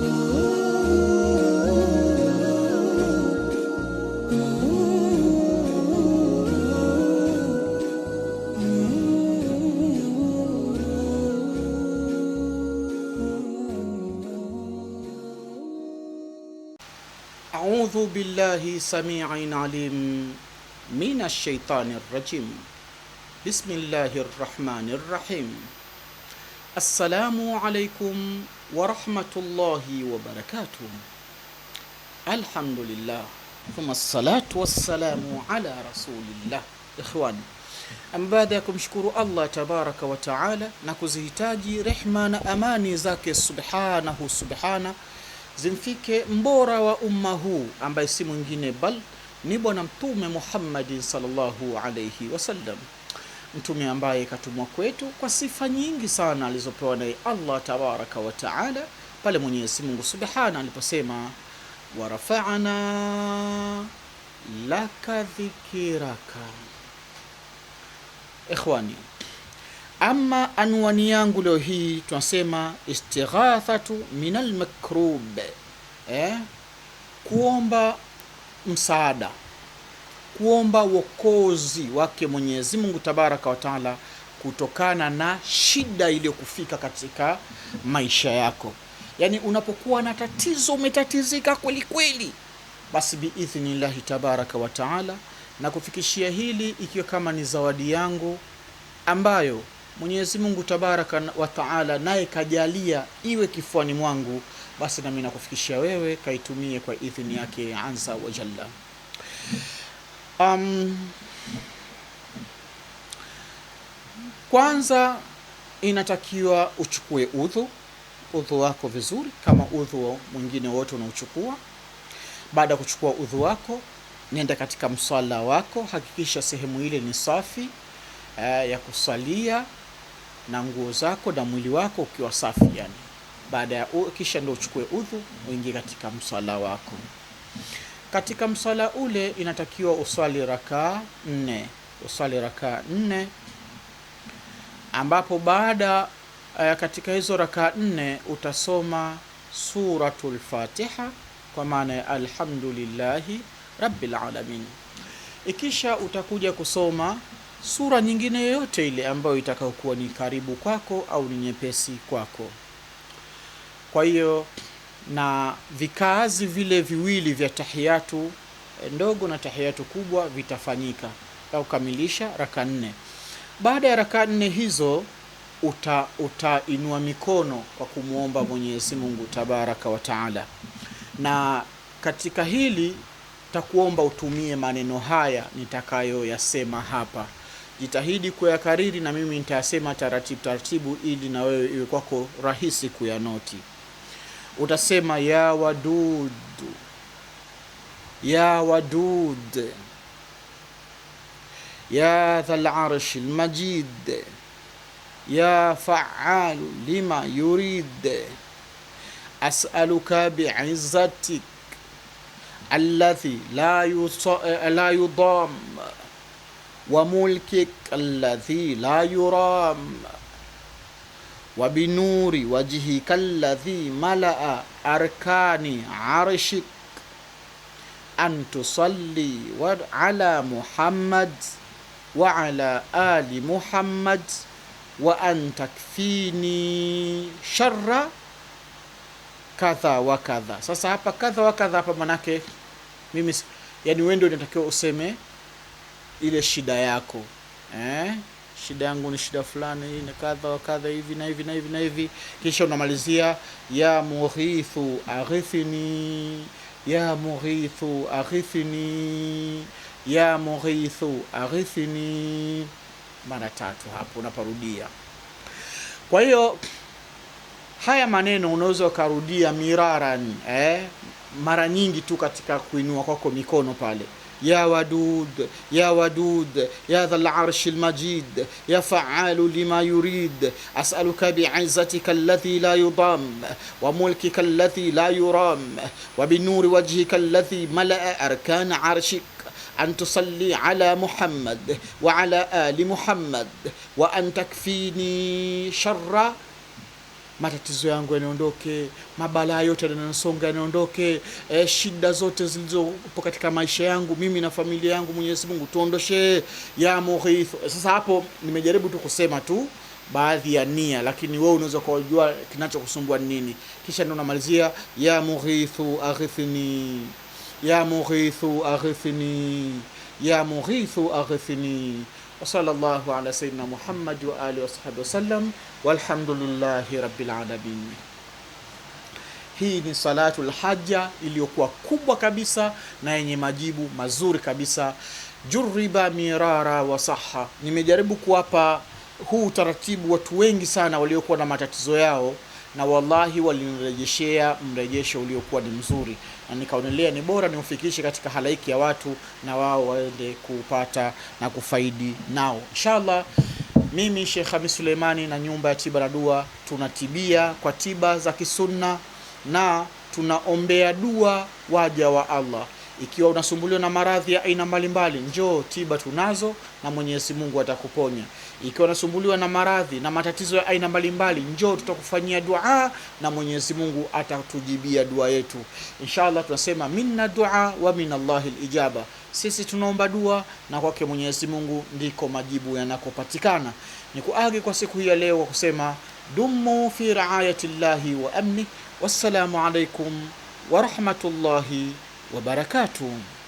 أعوذ بالله سميع عليم من الشيطان الرجيم بسم الله الرحمن الرحيم Assalamu alaikum warahmatullahi wabarakatuh. Alhamdulillah thumma salatu wassalamu ala rasulillah. Ikhwani, baada ya kumshukuru Allah tabaraka wa taala na kuzihitaji rehma na amani zake subhanahu subhana zimfike mbora wa umma huu ambaye si mwingine bal ni Bwana Mtume Muhammadin sallallahu alayhi wasallam mtume ambaye katumwa kwetu kwa sifa nyingi sana alizopewa naye Allah tabaraka wa taala, pale Mwenyezi Mungu subhana aliposema warafa'na laka dhikiraka. Ikhwani, ama anwani yangu leo hii tunasema istighathatu min almakrub, eh, kuomba msaada kuomba uokozi wake Mwenyezi Mungu tabaraka wa taala kutokana na shida iliyokufika katika maisha yako. Yaani, unapokuwa na tatizo, umetatizika kweli kweli, basi biidhnillahi tabaraka wa taala na kufikishia hili ikiwa kama ni zawadi yangu ambayo Mwenyezi Mungu tabaraka wa taala naye kajalia iwe kifuani mwangu, basi nami nakufikishia wewe, kaitumie kwa idhini yake anza wa jalla. Um, kwanza inatakiwa uchukue udhu udhu wako vizuri kama udhu mwingine wote unaochukua. Baada ya kuchukua udhu wako, nenda katika mswala wako, hakikisha sehemu ile ni safi eh, ya kusalia na nguo zako na mwili wako ukiwa safi yani. Baada ya kisha ndio uchukue udhu uingie katika mswala wako katika msala ule inatakiwa uswali rakaa nne, uswali rakaa nne, ambapo baada uh, katika hizo rakaa nne utasoma suratul Fatiha kwa maana ya alhamdulillahi rabbil alamin. Ikisha utakuja kusoma sura nyingine yoyote ile ambayo itakayokuwa ni karibu kwako au ni nyepesi kwako. Kwa hiyo na vikaazi vile viwili vya tahiyatu eh, ndogo na tahiyatu kubwa vitafanyika na kukamilisha raka nne. Baada ya raka nne hizo utainua mikono kwa kumwomba Mwenyezi Mungu tabaraka wa taala, na katika hili takuomba utumie maneno haya nitakayoyasema hapa. Jitahidi kuyakariri na mimi nitayasema taratibu taratibu, ili na wewe iwe kwako rahisi kuyanoti. utasema ya wadud, ya wadud, ya thal arsh almajid, ya fa'alu lima yurid, as'aluka bi'izzatik الذي لا la yudam wa mulkik الذي la yuram wa binuri wajhi kalladhi malaa arkani arshik an tusalli wa ala muhammad wa ala ali muhammad wa an takfini sharra kadha wa kadha. Sasa hapa kadha wa kadha hapa manake mimi, yani wewe ndio unatakiwa useme ile shida yako eh? shida yangu ni shida fulani, ni kadha wa kadha, hivi na hivi na hivi na hivi, kisha unamalizia ya murithu aghithni, ya murithu arithini ya murithu aghithni, mara tatu. Hapo unaparudia. Kwa hiyo haya maneno unaweza ukarudia miraran, eh, mara nyingi tu katika kuinua kwako mikono pale. يا ودود يا ودود يا ذا العرش المجيد يا فعال لما يريد أسألك بعزتك الذي لا يضام وملكك الذي لا يرام وبنور وجهك الذي ملأ أركان عرشك أن تصلي على محمد وعلى آل محمد وأن تكفيني شر matatizo yangu yanaondoke, mabalaa yote yanayosonga yanaondoke, e, eh, shida zote zilizopo katika maisha yangu mimi na familia yangu, Mwenyezi Mungu tuondoshe ya mughithu. Sasa hapo nimejaribu tu kusema tu baadhi ya nia, lakini wewe unaweza kujua kinachokusumbua nini, kisha ndio namalizia ya mughithu aghithni, ya mughithu aghithni, ya mughithu aghithni wa sallallahu ala sayyidina Muhammad wa alihi wasahbihi wasallam walhamdulillahi rabbil alamin. Hii ni salatu lhaja iliyokuwa kubwa kabisa na yenye majibu mazuri kabisa. Juriba mirara wa saha, nimejaribu kuwapa huu utaratibu watu wengi sana waliokuwa na matatizo yao na wallahi walinirejeshea mrejesho uliokuwa ni mzuri, na nikaonelea ni bora niufikishe katika halaiki ya watu na wao waende kuupata na kufaidi nao inshallah. Mimi Sheikh hamis Suleimani na nyumba ya tiba na dua tunatibia kwa tiba za kisunna na tunaombea dua waja wa Allah. Ikiwa unasumbuliwa na maradhi ya aina mbalimbali, njoo, tiba tunazo na Mwenyezi Mungu atakuponya. Ikiwa unasumbuliwa na maradhi na matatizo ya aina mbalimbali, njoo, tutakufanyia dua na Mwenyezi Mungu atatujibia dua yetu inshallah. Tunasema minna dua wa minallahi lijaba, sisi tunaomba dua na kwake Mwenyezi Mungu ndiko majibu yanakopatikana. Ni kuage kwa siku hii ya leo kwa kusema dumu fi riayati wa amni. Wassalamu alaikum wa rahmatullahi wabarakatuh.